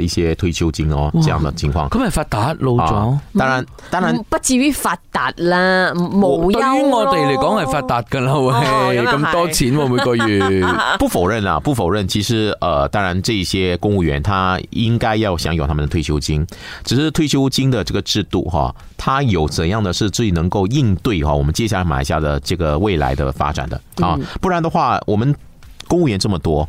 一些退休金哦，這樣的情況咁係發達老咗、啊，當然當然、嗯、不至於發達啦，無憂咯，對於我哋嚟講係發達咁多喂，咁、哦、多錢、啊，我每個月 不否認啊，不否認。其實，呃，當然，這些公務員他應該要享有他們的退休金，只是退休金的這個制度哈、啊，他有怎樣的是最能夠應對哈、啊？我們接下來馬來西亞的這個未來的發展的啊，不然的話，我們公務員這麼多。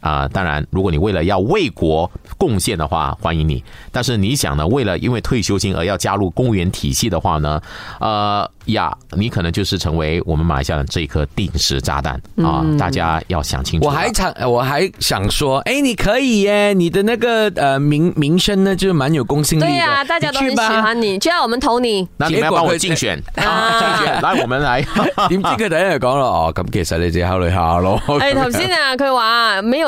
啊、呃，當然，如果你為了要為國貢獻的話，歡迎你。但是你想呢，為了因為退休金而要加入公務員體系的話呢？呃呀，你可能就是成為我們馬來西亞的這一顆定時炸彈啊、呃！大家要想清楚。嗯、我還想，我還想說，哎、欸，你可以耶，你的那個呃名名聲呢，就是蠻有公信力的。對呀、啊，大家都很喜歡你，你就要我們投你。那你們要幫我競選啊？啊競選，來我們來。點 們佢第一日講咯哦，咁其實你自己考慮下咯。係頭先啊，佢話、 欸、沒有。